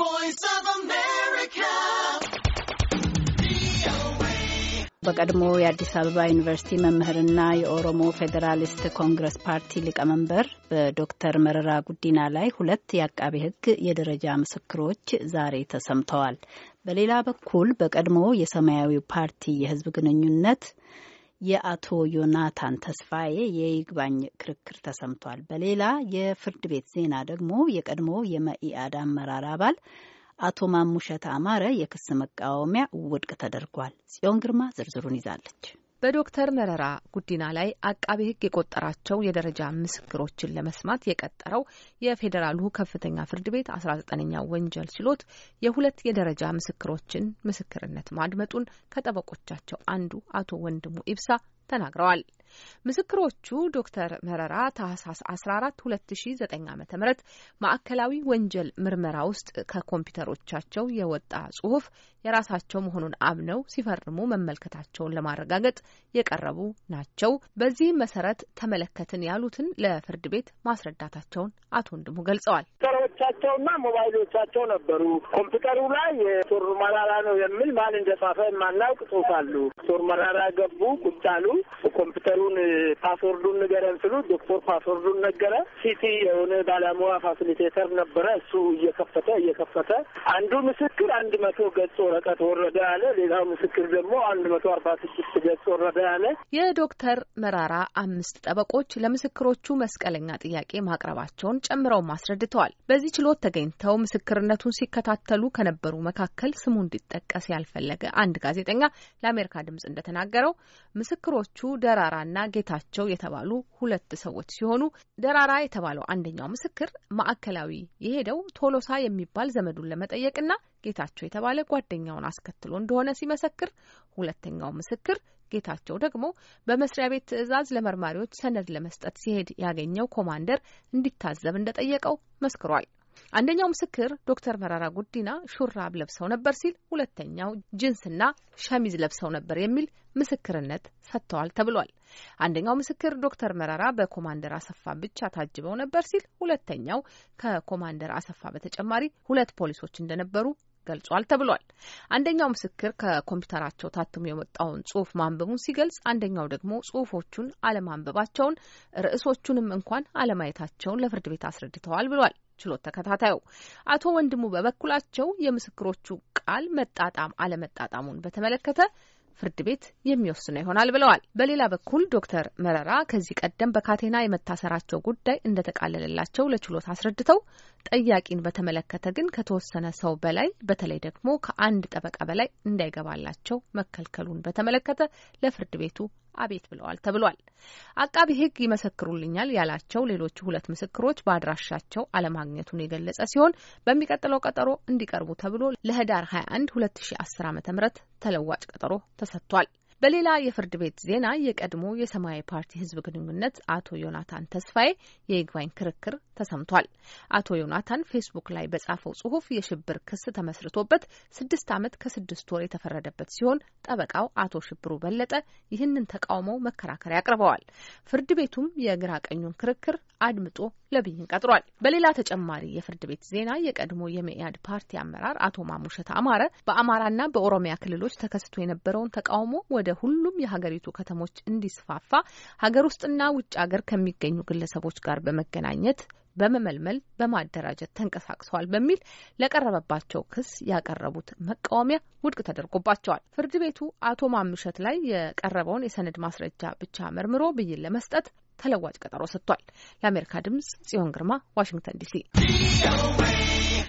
voice በቀድሞ የአዲስ አበባ ዩኒቨርሲቲ መምህርና የኦሮሞ ፌዴራሊስት ኮንግረስ ፓርቲ ሊቀመንበር በዶክተር መረራ ጉዲና ላይ ሁለት የአቃቤ ሕግ የደረጃ ምስክሮች ዛሬ ተሰምተዋል። በሌላ በኩል በቀድሞ የሰማያዊ ፓርቲ የህዝብ ግንኙነት የአቶ ዮናታን ተስፋዬ የይግባኝ ክርክር ተሰምቷል። በሌላ የፍርድ ቤት ዜና ደግሞ የቀድሞ የመኢአድ አመራር አባል አቶ ማሙሸት አማረ የክስ መቃወሚያ ውድቅ ተደርጓል። ጽዮን ግርማ ዝርዝሩን ይዛለች። በዶክተር መረራ ጉዲና ላይ አቃቤ ሕግ የቆጠራቸው የደረጃ ምስክሮችን ለመስማት የቀጠረው የፌዴራሉ ከፍተኛ ፍርድ ቤት አስራ ዘጠነኛ ወንጀል ችሎት የሁለት የደረጃ ምስክሮችን ምስክርነት ማድመጡን ከጠበቆቻቸው አንዱ አቶ ወንድሙ ኢብሳ ተናግረዋል። ምስክሮቹ ዶክተር መረራ ታህሳስ 14 2009 ዓ ም ማዕከላዊ ወንጀል ምርመራ ውስጥ ከኮምፒውተሮቻቸው የወጣ ጽሁፍ የራሳቸው መሆኑን አምነው ሲፈርሙ መመልከታቸውን ለማረጋገጥ የቀረቡ ናቸው። በዚህም መሰረት ተመለከትን ያሉትን ለፍርድ ቤት ማስረዳታቸውን አቶ ወንድሙ ገልጸዋል። ላፕቶፖቻቸውና ሞባይሎቻቸው ነበሩ። ኮምፒውተሩ ላይ የቶር መራራ ነው የሚል ማን እንደጻፈ የማናውቅ ጽሁፍ አሉ። ቶር መራራ ገቡ፣ ቁጭ አሉ። ኮምፒውተሩን ፓስወርዱን ንገረን ስሉ ዶክተር ፓስወርዱን ነገረ። ሲቲ የሆነ ባለሙያ ፋሲሊቴተር ነበረ። እሱ እየከፈተ እየከፈተ አንዱ ምስክር አንድ መቶ ገጽ ወረቀት ወረደ ያለ፣ ሌላው ምስክር ደግሞ አንድ መቶ አርባ ስድስት ገጽ ወረደ ያለ። የዶክተር መራራ አምስት ጠበቆች ለምስክሮቹ መስቀለኛ ጥያቄ ማቅረባቸውን ጨምረውም አስረድተዋል። በዚህ ችሎት ተገኝተው ምስክርነቱን ሲከታተሉ ከነበሩ መካከል ስሙ እንዲጠቀስ ያልፈለገ አንድ ጋዜጠኛ ለአሜሪካ ድምጽ እንደተናገረው ምስክሮቹ ደራራና ጌታቸው የተባሉ ሁለት ሰዎች ሲሆኑ ደራራ የተባለው አንደኛው ምስክር ማዕከላዊ የሄደው ቶሎሳ የሚባል ዘመዱን ለመጠየቅና ጌታቸው የተባለ ጓደኛውን አስከትሎ እንደሆነ ሲመሰክር ሁለተኛው ምስክር ጌታቸው ደግሞ በመስሪያ ቤት ትዕዛዝ ለመርማሪዎች ሰነድ ለመስጠት ሲሄድ ያገኘው ኮማንደር እንዲታዘብ እንደጠየቀው መስክሯል። አንደኛው ምስክር ዶክተር መራራ ጉዲና ሹራብ ለብሰው ነበር ሲል፣ ሁለተኛው ጅንስና ሸሚዝ ለብሰው ነበር የሚል ምስክርነት ሰጥተዋል ተብሏል። አንደኛው ምስክር ዶክተር መራራ በኮማንደር አሰፋ ብቻ ታጅበው ነበር ሲል፣ ሁለተኛው ከኮማንደር አሰፋ በተጨማሪ ሁለት ፖሊሶች እንደነበሩ ገልጿል ተብሏል። አንደኛው ምስክር ከኮምፒውተራቸው ታትሞ የወጣውን ጽሁፍ ማንበቡን ሲገልጽ፣ አንደኛው ደግሞ ጽሁፎቹን አለማንበባቸውን ርዕሶቹንም እንኳን አለማየታቸውን ለፍርድ ቤት አስረድተዋል ብሏል። ችሎት ተከታታዩ አቶ ወንድሙ በበኩላቸው የምስክሮቹ ቃል መጣጣም አለመጣጣሙን በተመለከተ ፍርድ ቤት የሚወስነው ይሆናል ብለዋል። በሌላ በኩል ዶክተር መረራ ከዚህ ቀደም በካቴና የመታሰራቸው ጉዳይ እንደተቃለለላቸው ለችሎት አስረድተው ጠያቂን በተመለከተ ግን ከተወሰነ ሰው በላይ በተለይ ደግሞ ከአንድ ጠበቃ በላይ እንዳይገባላቸው መከልከሉን በተመለከተ ለፍርድ ቤቱ አቤት ብለዋል ተብሏል። አቃቢ ሕግ ይመሰክሩልኛል ያላቸው ሌሎቹ ሁለት ምስክሮች በአድራሻቸው አለማግኘቱን የገለጸ ሲሆን በሚቀጥለው ቀጠሮ እንዲቀርቡ ተብሎ ለህዳር 21 2010 ዓ ም ተለዋጭ ቀጠሮ ተሰጥቷል። በሌላ የፍርድ ቤት ዜና የቀድሞ የሰማያዊ ፓርቲ ህዝብ ግንኙነት አቶ ዮናታን ተስፋዬ የይግባኝ ክርክር ተሰምቷል። አቶ ዮናታን ፌስቡክ ላይ በጻፈው ጽሁፍ የሽብር ክስ ተመስርቶበት ስድስት ዓመት ከስድስት ወር የተፈረደበት ሲሆን ጠበቃው አቶ ሽብሩ በለጠ ይህንን ተቃውሞው መከራከሪያ አቅርበዋል። ፍርድ ቤቱም የግራ ቀኙን ክርክር አድምጦ ለብይን ቀጥሯል። በሌላ ተጨማሪ የፍርድ ቤት ዜና የቀድሞ የመኢአድ ፓርቲ አመራር አቶ ማሙሸት አማረ በአማራና በኦሮሚያ ክልሎች ተከስቶ የነበረውን ተቃውሞ ወደ ሁሉም የሀገሪቱ ከተሞች እንዲስፋፋ ሀገር ውስጥና ውጭ ሀገር ከሚገኙ ግለሰቦች ጋር በመገናኘት በመመልመል በማደራጀት ተንቀሳቅሰዋል በሚል ለቀረበባቸው ክስ ያቀረቡት መቃወሚያ ውድቅ ተደርጎባቸዋል። ፍርድ ቤቱ አቶ ማምሸት ላይ የቀረበውን የሰነድ ማስረጃ ብቻ መርምሮ ብይን ለመስጠት ተለዋጭ ቀጠሮ ሰጥቷል። ለአሜሪካ ድምጽ ጽዮን ግርማ ዋሽንግተን ዲሲ